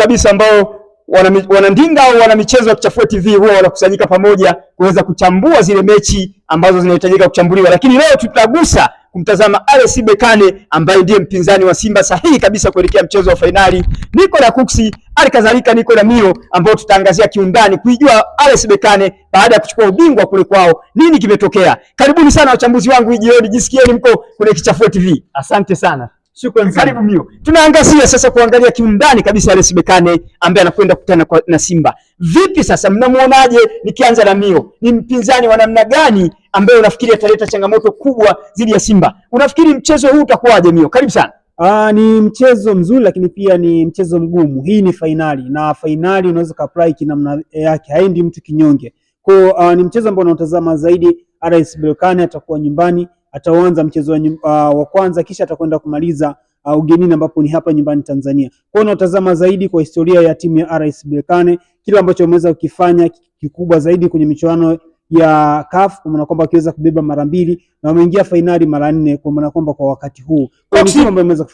kabisa ambao wana, wanandinga au wana michezo ya kuchafua TV huwa wanakusanyika pamoja kuweza kuchambua zile mechi ambazo zinahitajika kuchambuliwa, lakini leo tutagusa kumtazama RS Berkane ambaye ndiye mpinzani wa Simba sahihi kabisa kuelekea mchezo wa fainali. Niko na Kuksi, alikadhalika niko na Mio ambao tutaangazia kiundani kuijua RS Berkane baada ya kuchukua ubingwa kule kwao, nini kimetokea. Karibuni sana wachambuzi wangu, jioni jisikieni mko kwenye Kichafue TV. Asante sana. Shukrani sana. Karibu Mio. Tunaangazia sasa kuangalia kiundani kabisa Alex Bekane ambaye anakwenda kukutana na Simba. Vipi sasa mnamuonaje? Nikianza na Mio. Ni mpinzani wa namna gani ambaye unafikiri ataleta changamoto kubwa dhidi ya Simba? Unafikiri mchezo huu utakuwaje Mio? Karibu sana. Aa, ah, ni mchezo mzuri lakini pia ni mchezo mgumu. Hii ni fainali na fainali unaweza kuapply kinamna yake. Haendi mtu kinyonge. Kwa ah, ni mchezo ambao unaotazama zaidi. RS Berkane atakuwa nyumbani ataanza mchezo uh, wa kwanza kisha atakwenda kumaliza uh, ugenini ambapo ni hapa nyumbani Tanzania. Kwa hiyo unatazama zaidi kwa historia ya timu ya RS Berkane, kile ambacho wameweza kukifanya kikubwa zaidi kwenye michuano ya CAF kwa maana kwamba akiweza kubeba mara mbili na wameingia fainali mara nne kwa maana kwamba kwa wakati huu.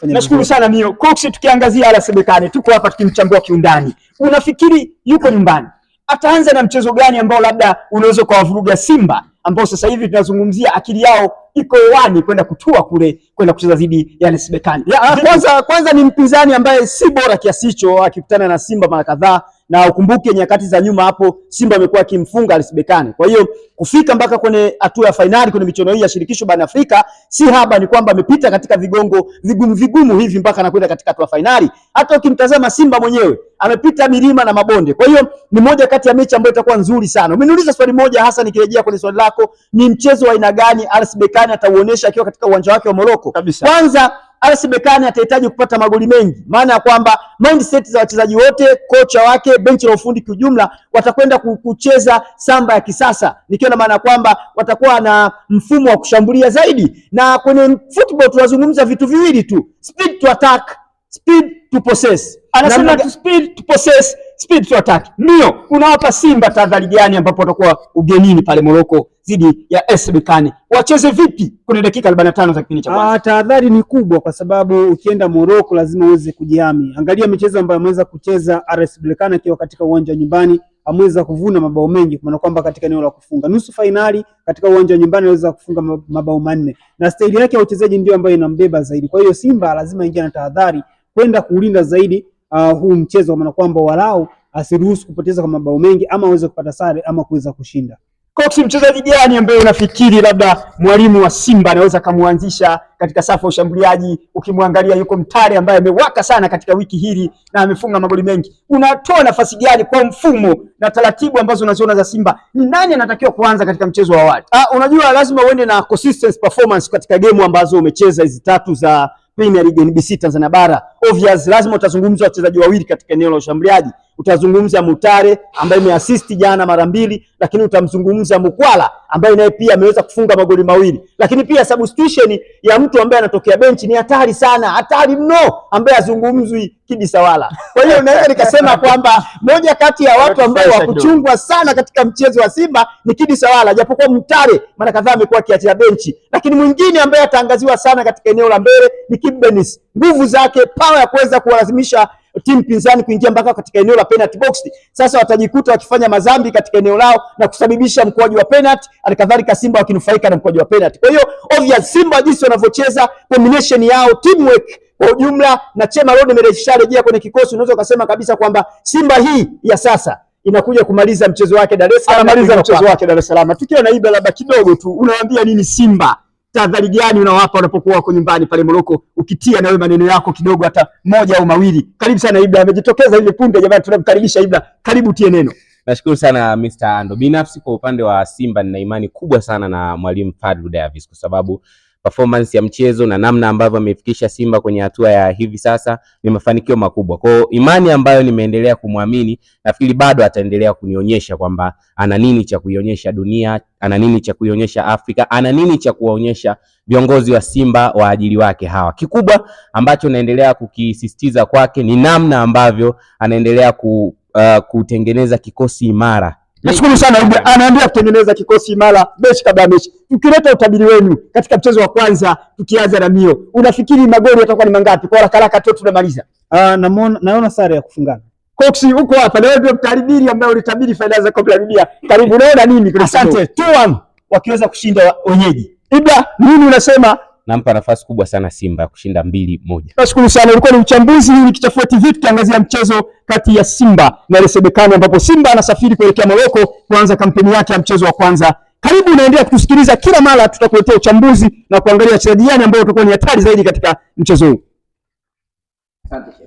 Nashukuru sana Mio Cox, tukiangazia RS Berkane tuko hapa tukimchambua kiundani. Unafikiri yuko nyumbani ataanza na mchezo gani ambao labda unaweza ukawavuruga Simba ambao sasa hivi tunazungumzia akili yao iko wani kwenda kutua kule kwenda kucheza dhidi ya RS Berkane. Kwanza kwanza ni mpinzani ambaye si bora kiasi hicho, akikutana na Simba mara kadhaa na ukumbuke nyakati za nyuma hapo Simba amekuwa akimfunga RS Berkane. Kwa hiyo kufika mpaka kwenye hatua ya fainali kwenye michuano hii ya shirikisho barani Afrika si haba, ni kwamba amepita katika vigongo vigumu vigumu hivi mpaka anakwenda katika hatua fainali. Hata ukimtazama Simba mwenyewe amepita milima na mabonde. Kwa hiyo ni moja kati ya mechi ambayo itakuwa nzuri sana. Umeniuliza swali moja hasa, nikirejea kwenye swali lako, ni mchezo wa aina gani RS Berkane atauonesha akiwa katika uwanja wake wa Moroko? Kwanza RS Berkane atahitaji kupata magoli mengi, maana ya kwamba mindset za wachezaji wote, kocha wake, benchi la ufundi kiujumla, watakwenda kucheza samba ya kisasa, nikiwa na maana ya kwamba watakuwa na mfumo wa kushambulia zaidi. Na kwenye football tunazungumza vitu viwili tu, speed to attack, speed to possess. Anasema speed to possess Speed sio attack Ndio, unawapa Simba tahadhari gani ambapo watakuwa ugenini pale Moroko dhidi ya SB Kane? Wacheze vipi? Kuna dakika 45 za kipindi cha kwanza. Ah, tahadhari ni kubwa kwa sababu ukienda Morocco lazima uweze kujihami. Angalia michezo ambayo ameweza kucheza RS Berkane akiwa katika uwanja wa nyumbani ameweza kuvuna mabao mengi, kwa maana kwamba katika eneo la kufunga nusu fainali katika uwanja wa nyumbani aliweza kufunga mabao manne, na staili yake ya uchezaji ndio ambayo inambeba zaidi. Kwa hiyo Simba lazima ingia na tahadhari kwenda kulinda zaidi uh, huu mchezo maana kwamba walau asiruhusu kupoteza kwa mabao mengi ama aweze kupata sare ama kuweza kushinda. Coach, mchezaji gani ambaye unafikiri labda mwalimu wa Simba anaweza kumwanzisha katika safu ya ushambuliaji? Ukimwangalia yuko Mtare ambaye amewaka sana katika wiki hili na amefunga magoli mengi. Unatoa nafasi gani kwa mfumo na taratibu ambazo unaziona za Simba? Ni nani anatakiwa kuanza katika mchezo wa awali? Ah, unajua lazima uende na consistent performance katika game ambazo umecheza hizi tatu za premier league NBC Tanzania bara, obvious lazima utazungumza wachezaji wawili katika eneo la ushambuliaji Utazungumza Mutare ambaye imeasisti jana mara mbili, lakini utamzungumza Mukwala ambaye naye pia ameweza kufunga magoli mawili, lakini pia substitution ya mtu ambaye anatokea benchi ni hatari sana, hatari mno, ambaye azungumzwi kibisawala. Kwa hiyo naweza nikasema kwamba moja kati ya watu ambao wakuchungwa sana katika mchezo wa Simba ni kibisawala, japokuwa Mutare mara kadhaa amekuwa akiachia benchi, lakini mwingine ambaye ataangaziwa sana katika eneo la mbele ni Kibu Denis, nguvu zake, pawa ya kuweza kuwalazimisha timu pinzani kuingia mpaka katika eneo la penalty box. Sasa watajikuta wakifanya madhambi katika eneo lao na kusababisha mkoaji wa penalty, alikadhalika Simba wakinufaika na mkoaji wa penalty. Kwa hiyo obvious, Simba jinsi wanavyocheza combination yao teamwork kwa ujumla na Chema Road amerejea kwenye kikosi, unaweza ukasema kabisa kwamba Simba hii ya sasa inakuja kumaliza mchezo wake Dar es Salaam, anamaliza mchezo wake Dar es Salaam. Tukiwa na iba labda kidogo tu, unawaambia nini Simba tahadhari gani unawapa unapokuwa wako nyumbani pale Moroko, ukitia na wewe maneno yako kidogo hata moja au mawili? Karibu sana Ibra, amejitokeza hivi punde. Jamani, tunamkaribisha Ibra, karibu tie neno. Nashukuru sana Mr. Ando. Binafsi kwa upande wa Simba nina imani kubwa sana na mwalimu Fadlu Davis kwa sababu performance ya mchezo na namna ambavyo amefikisha Simba kwenye hatua ya hivi sasa ni mafanikio makubwa. Kwa imani ambayo nimeendelea kumwamini, nafikiri bado ataendelea kunionyesha kwamba ana nini cha kuionyesha dunia, ana nini cha kuionyesha Afrika, ana nini cha kuwaonyesha viongozi wa Simba waajili wake hawa. Kikubwa ambacho naendelea kukisisitiza kwake ni namna ambavyo anaendelea ku, uh, kutengeneza kikosi imara Nashukuru sana Ibra anaambia kutengeneza kikosi imara mechi kabla ya mechi. Mkileta utabiri wenu katika mchezo wa kwanza tukianza na Mio, unafikiri magoli yatakuwa ni mangapi? Kwa haraka haraka tu tunamaliza. Ah, naona naona sare ya kufungana. Cox huko hapa na wewe ndio mtabiri ambaye ulitabiri fainali za kombe la dunia. Karibu naona nini? Asante. 2-1 wakiweza kushinda wenyeji. Ibra, nini unasema nampa nafasi kubwa sana Simba ya kushinda mbili moja. Nashukuru sana, ulikuwa ni uchambuzi. Hii ni Kichafua TV tukiangazia mchezo kati ya Simba na RS Berkane ambapo Simba anasafiri kuelekea Morocco kuanza kampeni yake ya mchezo wa kwanza. Karibu unaendelea kutusikiliza kila mara, tutakuletea uchambuzi na kuangalia wachezaji gani ambao watakuwa ni hatari zaidi katika mchezo huu. Asante.